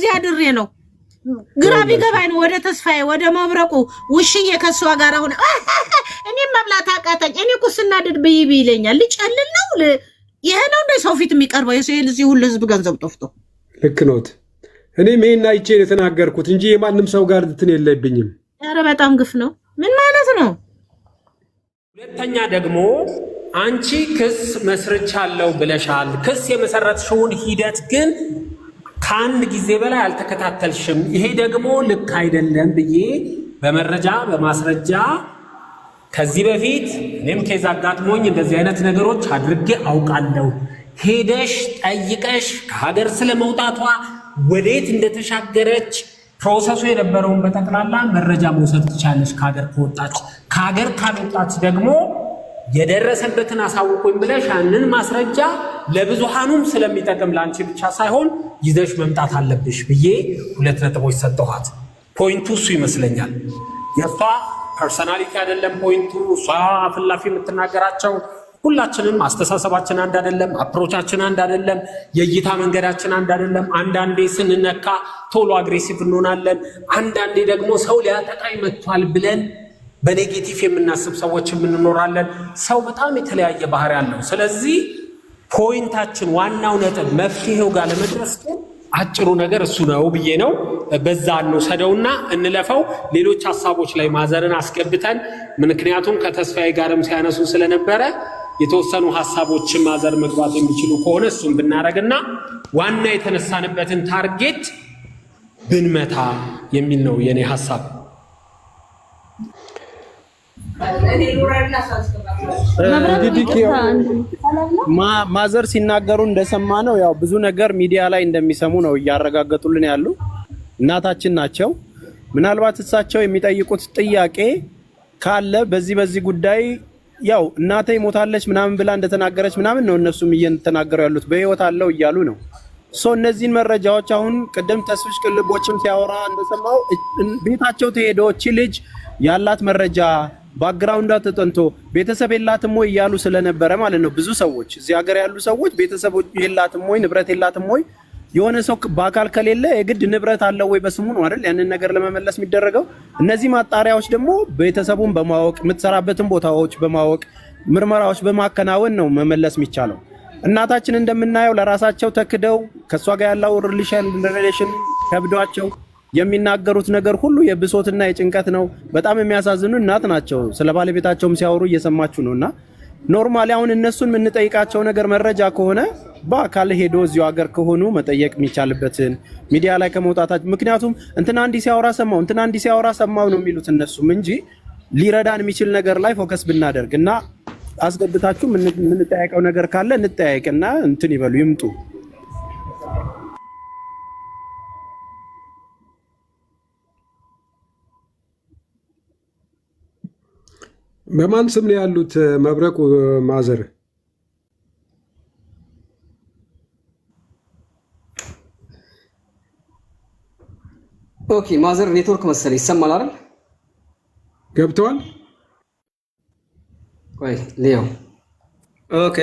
እዚህ አድሬ ነው። ግራ ቢገባኝ ነው ወደ ተስፋዬ ወደ መብረቁ ውሽዬ ከሷ ጋር አሁን እኔም መብላት አቃተኝ። እኔ ቁስና ድድ ብይ ብይ ይለኛል። ልጨልል ነው ይሄ ነው እንደ ሰው ፊት የሚቀርበው የዚህ ሁሉ ህዝብ ገንዘብ ጠፍቶ ልክ ኖት። እኔም ይሄን አይቼ የተናገርኩት እንጂ የማንም ሰው ጋር እንትን የለብኝም። ኧረ በጣም ግፍ ነው። ምን ማለት ነው? ሁለተኛ ደግሞ አንቺ ክስ መስርቻለሁ ብለሻል። ክስ የመሰረትሽውን ሂደት ግን ከአንድ ጊዜ በላይ አልተከታተልሽም፣ ይሄ ደግሞ ልክ አይደለም ብዬ በመረጃ በማስረጃ ከዚህ በፊት እኔም ኬዝ አጋጥሞኝ እንደዚህ አይነት ነገሮች አድርጌ አውቃለሁ። ሄደሽ ጠይቀሽ ከሀገር ስለመውጣቷ ወዴት እንደተሻገረች ፕሮሰሱ የነበረውን በጠቅላላ መረጃ መውሰድ ትቻለች ከሀገር ከወጣች ከሀገር ካልወጣች ደግሞ የደረሰበትን አሳውቁኝ ብለሽ ያንን ማስረጃ ለብዙሃኑም ስለሚጠቅም ለአንቺ ብቻ ሳይሆን ይዘሽ መምጣት አለብሽ ብዬ ሁለት ነጥቦች ሰጠኋት። ፖይንቱ እሱ ይመስለኛል። የእሷ ፐርሰናሊቲ አይደለም ፖይንቱ። እሷ ፍላፊ የምትናገራቸው ሁላችንም አስተሳሰባችን አንድ አይደለም፣ አፕሮቻችን አንድ አይደለም፣ የእይታ መንገዳችን አንድ አይደለም። አንዳንዴ ስንነካ ቶሎ አግሬሲቭ እንሆናለን። አንዳንዴ ደግሞ ሰው ሊያጠቃኝ መጥቷል ብለን በኔጌቲቭ የምናስብ ሰዎች እንኖራለን። ሰው በጣም የተለያየ ባህሪ አለው። ስለዚህ ፖይንታችን ዋናው ነጥብ መፍትሄው ጋር ለመድረስ ግን አጭሩ ነገር እሱ ነው ብዬ ነው። በዛ እንውሰደውና እንለፈው። ሌሎች ሀሳቦች ላይ ማዘርን አስገብተን ምክንያቱም ከተስፋዬ ጋርም ሲያነሱ ስለነበረ የተወሰኑ ሀሳቦችን ማዘር መግባት የሚችሉ ከሆነ እሱን ብናደረግና ዋና የተነሳንበትን ታርጌት ብንመታ የሚል ነው የኔ ሀሳብ። እንግዲህ ማዘር ሲናገሩ እንደሰማ ነው ያው ብዙ ነገር ሚዲያ ላይ እንደሚሰሙ ነው እያረጋገጡልን ያሉ እናታችን ናቸው። ምናልባት እሳቸው የሚጠይቁት ጥያቄ ካለ በዚህ በዚህ ጉዳይ ያው እናቴ ሞታለች ምናምን ብላ እንደተናገረች ምናምን ነው እነሱም እየተናገሩ ያሉት በህይወት አለው እያሉ ነው። ሶ እነዚህን መረጃዎች አሁን ቅድም ተስፍሽ ቅልቦችም ሲያወራ እንደሰማው ቤታቸው ተሄዶች ልጅ ያላት መረጃ ባክግራውንዷ ተጠንቶ ቤተሰብ የላትም ወይ እያሉ ስለነበረ ማለት ነው። ብዙ ሰዎች እዚህ ሀገር ያሉ ሰዎች ቤተሰብ የላትም ወይ ንብረት የላትም ወይ የሆነ ሰው በአካል ከሌለ የግድ ንብረት አለው ወይ በስሙ ነው አይደል? ያንን ነገር ለመመለስ የሚደረገው እነዚህ ማጣሪያዎች ደግሞ ቤተሰቡን በማወቅ የምትሰራበትን ቦታዎች በማወቅ ምርመራዎች በማከናወን ነው መመለስ የሚቻለው። እናታችን እንደምናየው ለራሳቸው ተክደው ከእሷ ጋር ያለው ሪሌሽን ከብዷቸው የሚናገሩት ነገር ሁሉ የብሶትና የጭንቀት ነው። በጣም የሚያሳዝኑ እናት ናቸው። ስለ ባለቤታቸውም ሲያወሩ እየሰማችሁ ነው። እና ኖርማሊ አሁን እነሱን የምንጠይቃቸው ነገር መረጃ ከሆነ በአካል ሄዶ እዚሁ ሀገር ከሆኑ መጠየቅ የሚቻልበትን ሚዲያ ላይ ከመውጣታች ምክንያቱም እንትና እንዲህ ሲያወራ ሰማው፣ እንትና እንዲህ ሲያወራ ሰማው ነው የሚሉት እነሱም እንጂ ሊረዳን የሚችል ነገር ላይ ፎከስ ብናደርግ እና አስገብታችሁ የምንጠያቀው ነገር ካለ እንጠያየቅና እንትን ይበሉ ይምጡ። በማን ስም ነው ያሉት መብረቁ ማዘር? ኦኬ ማዘር ኔትወርክ መሰለ ይሰማል አይደል? ገብተዋል ወይ ሌው ኦኬ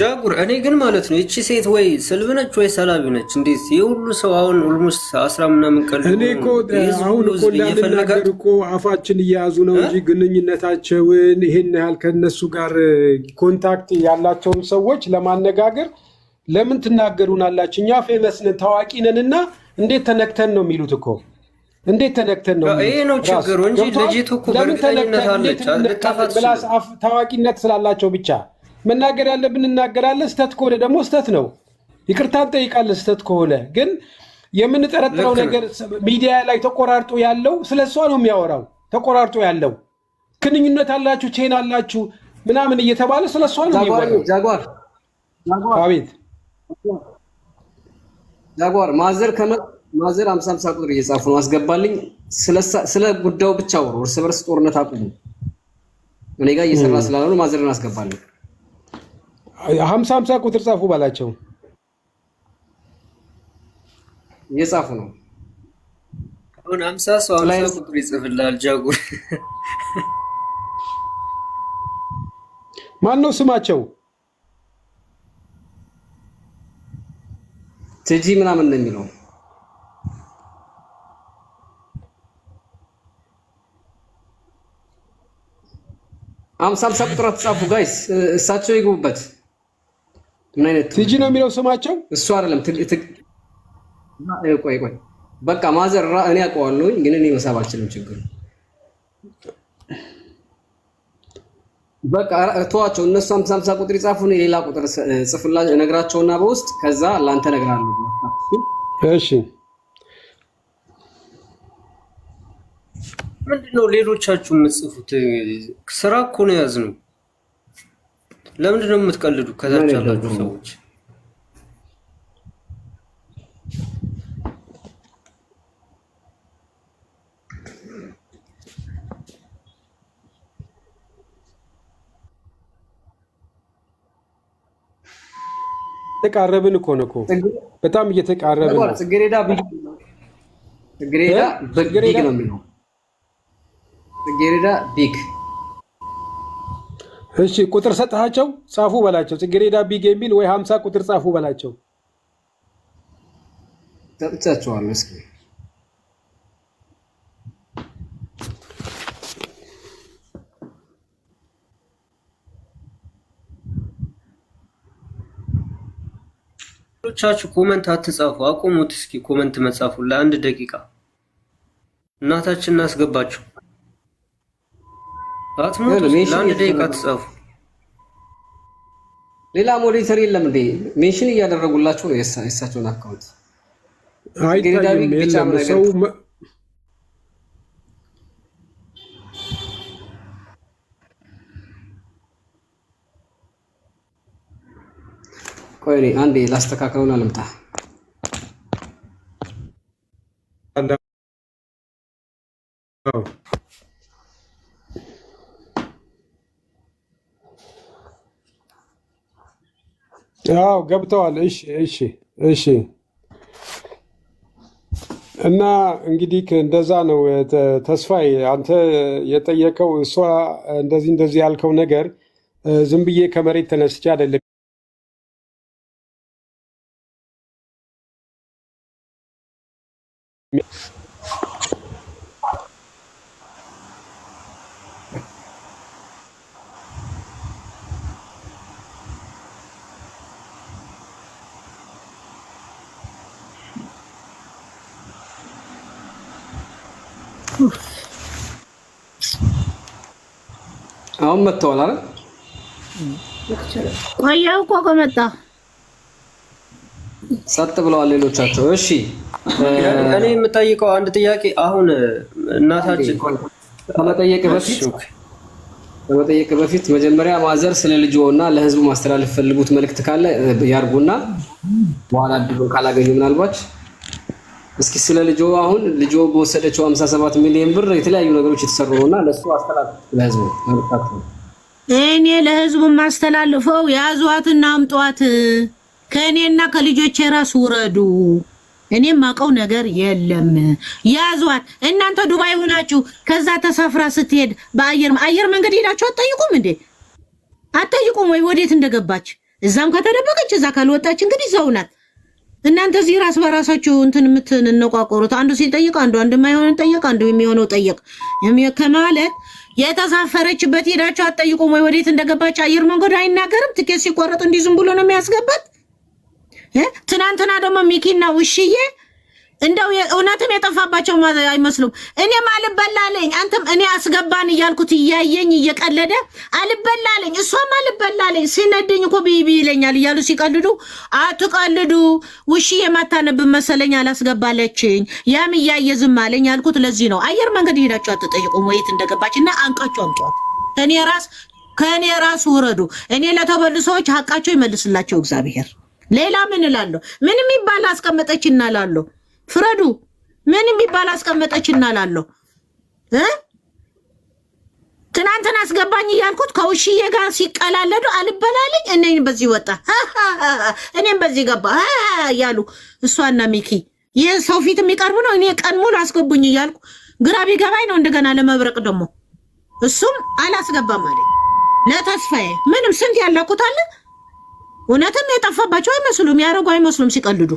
ጃጉር። እኔ ግን ማለት ነው እቺ ሴት ወይ ስልብ ነች ወይ ሰላቢ ነች? እንዴት የሁሉ ሰው አሁን ኦልሞስት አስራ ምናምን ቀን እኔ እኮ አሁን እኮ እንዳንናገር እኮ አፋችን እየያዙ ነው እንጂ ግንኙነታቸውን ይሄን ያህል ከነሱ ጋር ኮንታክት ያላቸውን ሰዎች ለማነጋገር ለምን ትናገሩን ትናገሩናላችሁ? እኛ ፌመስ ነን ታዋቂ ነን እና እንዴት ተነክተን ነው የሚሉት እኮ እንዴት ተነክተን ነው? ይሄ ነው ችግሩ እንጂ ልጅቱ እኮ በእርግጠኝነት አለች። ታዋቂነት ስላላቸው ብቻ መናገር ያለብን እናገራለን። ስተት ከሆነ ደግሞ ስተት ነው፣ ይቅርታ እንጠይቃለን። ስተት ከሆነ ግን የምንጠረጥረው ነገር ሚዲያ ላይ ተቆራርጦ ያለው ስለ እሷ ነው የሚያወራው። ተቆራርጦ ያለው ግንኙነት አላችሁ፣ ቼን አላችሁ ምናምን እየተባለ ስለ እሷ ነው የሚወራው። አቤት ጃጓር ማዘር ከመ ማዘር አምሳ አምሳ ቁጥር እየጻፉ ነው አስገባልኝ። ስለ ጉዳዩ ብቻ ወሩ። እርስ በርስ ጦርነት አቁሙ። እኔ ጋር እየሰራ ስላለ ማዘርን አስገባልኝ። ሀምሳ ሀምሳ ቁጥር ጻፉ ባላቸው እየጻፉ ነው። አሁን ሀምሳ ሰው ሀምሳ ቁጥር ይጽፍላል። ጃጉር ማን ነው ስማቸው? ትጂ ምናምን ነው የሚለው አምሳ አምሳ ቁጥር አትጻፉ ጋይስ፣ እሳቸው ይግቡበት። ምን አይነት ትጂ ነው የሚለው ስማቸው? እሱ አይደለም። ቆይ ቆይ፣ በቃ ማዘር እኔ አውቀዋለሁ፣ ግን እኔ መሳብ አልችልም። ችግሩ በቃ ተዋቸው። እነሱ ሃምሳ ሃምሳ ቁጥር ይጻፉ፣ እኔ ሌላ ቁጥር ጽፍላ ነግራቸውና በውስጥ ከዛ ለአንተ እነግርሃለሁ። እሺ ምንድነው ሌሎቻችሁ የምጽፉት? ስራ እኮ ነው የያዝነው ለምንድን ነው የምትቀልዱ? ከታች ያላችሁ ሰዎች ተቃረብን እኮ ነው እኮ በጣም እየተቃረብን ነው። ጽጌረዳ ቢግ ነው የሚለው ጽጌረዳ ቢግ እሺ ቁጥር ሰጥሃቸው ጻፉ በላቸው። ጽጌሬዳ ቢግ የሚል ወይ ሀምሳ ቁጥር ጻፉ በላቸው። ሰጥቻቸዋለሁ። እስኪ ቻችሁ ኮመንት አትጻፉ፣ አቁሙት። እስኪ ኮመንት መጻፉ ለአንድ ደቂቃ እናታችን እናስገባችሁ። ሌላ ሞኒተር የለም እንዴ? ሜንሽን እያደረጉላችሁ ነው የእሳቸውን አካውንት ቆይ አንዴ ላስተካክለውን አልምጣ Oh. አዎ ገብተዋል። እሺ እሺ እሺ። እና እንግዲህ እንደዛ ነው ተስፋዬ። አንተ የጠየቀው እሷ እንደዚህ እንደዚህ ያልከው ነገር ዝም ብዬ ከመሬት ተነስቼ አይደለም አሁን መጥተዋል አይደል? ቆየሁ እኮ ከመጣ ጸጥ ብለዋል ሌሎቻቸው። እሺ እኔ የምጠይቀው አንድ ጥያቄ አሁን እናታችን ከመጠየቅ በፊት ከመጠየቅ በፊት መጀመሪያ ማዘር ስለ ልጅዎ እና ለህዝቡ ማስተላለፍ ፈልጉት መልእክት ካለ ያርጉና በኋላ ድሮ ካላገኙ ምናልባች እስኪ ስለ ልጆ አሁን ልጆ በወሰደችው 57 ሚሊዮን ብር የተለያዩ ነገሮች የተሰሩ ነውና ለሱ አስተላልፍ ለህዝቡ እኔ ለህዝቡ ማስተላልፈው ያዟትና አምጧት። ከእኔና ከልጆቼ ራስ ውረዱ። እኔ ማቀው ነገር የለም። ያዟት። እናንተ ዱባይ ሆናችሁ ከዛ ተሳፍራ ስትሄድ በአየር አየር መንገድ ሄዳችሁ አትጠይቁም እንዴ? አትጠይቁም ወይ ወዴት እንደገባች? እዛም ከተደበቀች እዛ ካልወጣች እንግዲህ ዘውናት እናንተ እዚህ ራስ በራሳችሁ እንትን የምትንነቋቆሩት አንዱ ሲጠይቅ አንዱ አንድ የማይሆንን ጠየቅ አንዱ የሚሆነው ጠየቅ ከማለት የተሳፈረችበት ሄዳችሁ አትጠይቁም ወይ? ወዴት እንደገባች አየር መንገድ አይናገርም። ትኬት ሲቆረጥ እንዲህ ዝም ብሎ ነው የሚያስገባት። ትናንትና ደግሞ ሚኪና ውሽዬ እንደው እውነትም የጠፋባቸው አይመስሉም። እኔም አልበላለኝ አንተም እኔ አስገባን እያልኩት እያየኝ እየቀለደ አልበላለኝ እሷም አልበላለኝ ሲነድኝ እኮ ብይ ይለኛል እያሉ ሲቀልዱ፣ አትቀልዱ ውሺ የማታነብ መሰለኝ አላስገባለችኝ። ያም እያየ ዝም አለኝ ያልኩት ለዚህ ነው። አየር መንገድ ሄዳችሁ አትጠይቁም ወይት እንደገባች እና አንቃችሁ አምጧት። እኔ ራስ ከእኔ ራስ ውረዱ። እኔ ለተበሉ ሰዎች ሀቃቸው ይመልስላቸው እግዚአብሔር። ሌላ ምን እላለሁ? ምንም ይባል አስቀመጠች እናላለሁ ፍረዱ። ምን የሚባል አስቀመጠች እናላለሁ። ትናንትና አስገባኝ እያልኩት ከውሽዬ ጋር ሲቀላለዱ አልበላልኝ። እኔን በዚህ ወጣ፣ እኔም በዚህ ገባ እያሉ እሷና ሚኪ ይህ ሰው ፊት የሚቀርቡ ነው። እኔ ቀን ሙሉ አስገቡኝ እያልኩ ግራ ቢገባኝ ነው። እንደገና ለመብረቅ ደግሞ እሱም አላስገባም አለ ለተስፋዬ ምንም ስንት ያለኩት እውነትም የጠፋባቸው አይመስሉም፣ ያደረጉ አይመስሉም ሲቀልዱ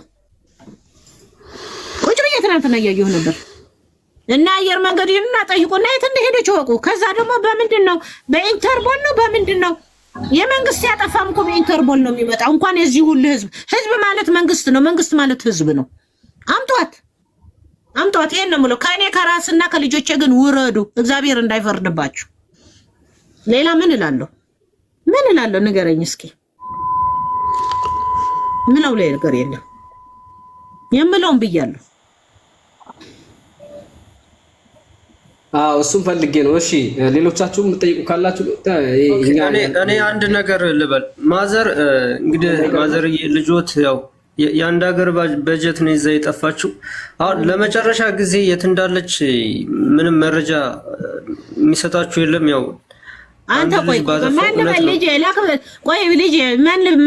ትናንትና እያየሁ ነበር። እና አየር መንገድ ይህንና ጠይቁና የት እንደሄደች ወቁ። ከዛ ደግሞ በምንድን ነው በኢንተርቦል ነው በምንድን ነው የመንግስት ያጠፋም እኮ በኢንተርቦል ነው የሚመጣው። እንኳን የዚህ ሁሉ ህዝብ ህዝብ ማለት መንግስት ነው፣ መንግስት ማለት ህዝብ ነው። አምጧት አምጧት። ይሄን ነው የምለው። ከእኔ ከራስና ከልጆቼ ግን ውረዱ፣ እግዚአብሔር እንዳይፈርድባችሁ። ሌላ ምን እላለሁ? ምን እላለሁ? ንገረኝ እስኪ። ምለው ላይ ነገር የለም። የምለውን ብያለሁ። አዎ እሱም ፈልጌ ነው። እሺ ሌሎቻችሁም የምጠይቁ ካላችሁ እኔ አንድ ነገር ልበል። ማዘር እንግዲህ ማዘር ልጆት ያው የአንድ ሀገር በጀት ነው ይዛ የጠፋችው። አሁን ለመጨረሻ ጊዜ የት እንዳለች ምንም መረጃ የሚሰጣችሁ የለም። ያው አንተ ቆይ ልጅ ልጅ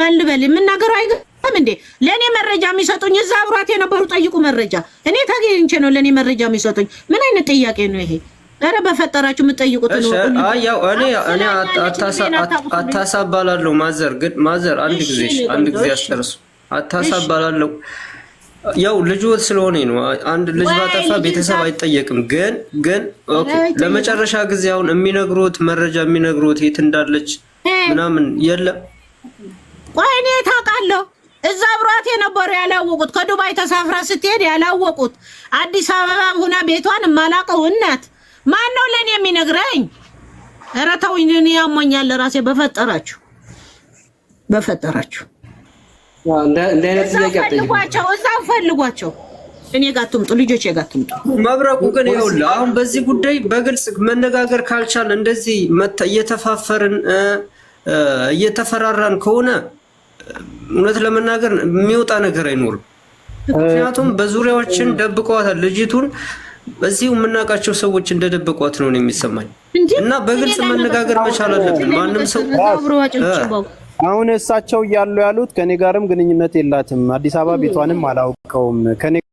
ማን ልበል የምናገረው አይገ አልሰጠም እንዴ? ለእኔ መረጃ የሚሰጡኝ እዛ አብሯት የነበሩ ጠይቁ፣ መረጃ እኔ ታገኝቼ ነው ለእኔ መረጃ የሚሰጡኝ። ምን አይነት ጥያቄ ነው ይሄ? ኧረ በፈጠራችሁ የምትጠይቁት ያው እኔ እኔ አታሳባላለሁ። ማዘር ግን ማዘር አንድ ጊዜ አንድ ጊዜ አስጨርሱ። አታሳባላለሁ ያው ልጅ ወት ስለሆነ ነው። አንድ ልጅ ባጠፋ ቤተሰብ አይጠየቅም። ግን ግን ኦኬ ለመጨረሻ ጊዜ አሁን የሚነግሩት መረጃ የሚነግሩት የት እንዳለች ምናምን የለም። ቆይ እኔ ታውቃለሁ እዛ አብሯት የነበሩ ያላወቁት ከዱባይ ተሳፍራ ስትሄድ ያላወቁት አዲስ አበባ ሁና ቤቷን የማላቀው እናት ማን ነው ለእኔ የሚነግረኝ? ኧረ ተውኝ፣ እኔ ያሞኛል ራሴ። በፈጠራችሁ በፈጠራችሁ ፈልጓቸው፣ እዛው ፈልጓቸው። እኔ ጋር አትምጡ፣ ልጆች ጋር መብረቁ ግን ይኸውልህ፣ አሁን በዚህ ጉዳይ በግልጽ መነጋገር ካልቻል እንደዚህ እየተፋፈርን እየተፈራራን ከሆነ እውነት ለመናገር የሚወጣ ነገር አይኖርም። ምክንያቱም በዙሪያዎችን ደብቀዋታል ልጅቱን በዚሁ የምናውቃቸው ሰዎች እንደደበቋት ነው የሚሰማኝ እና በግልጽ መነጋገር መቻል አለብን። ማንም ሰው አሁን እሳቸው እያሉ ያሉት ከኔ ጋርም ግንኙነት የላትም፣ አዲስ አበባ ቤቷንም አላውቀውም ከኔ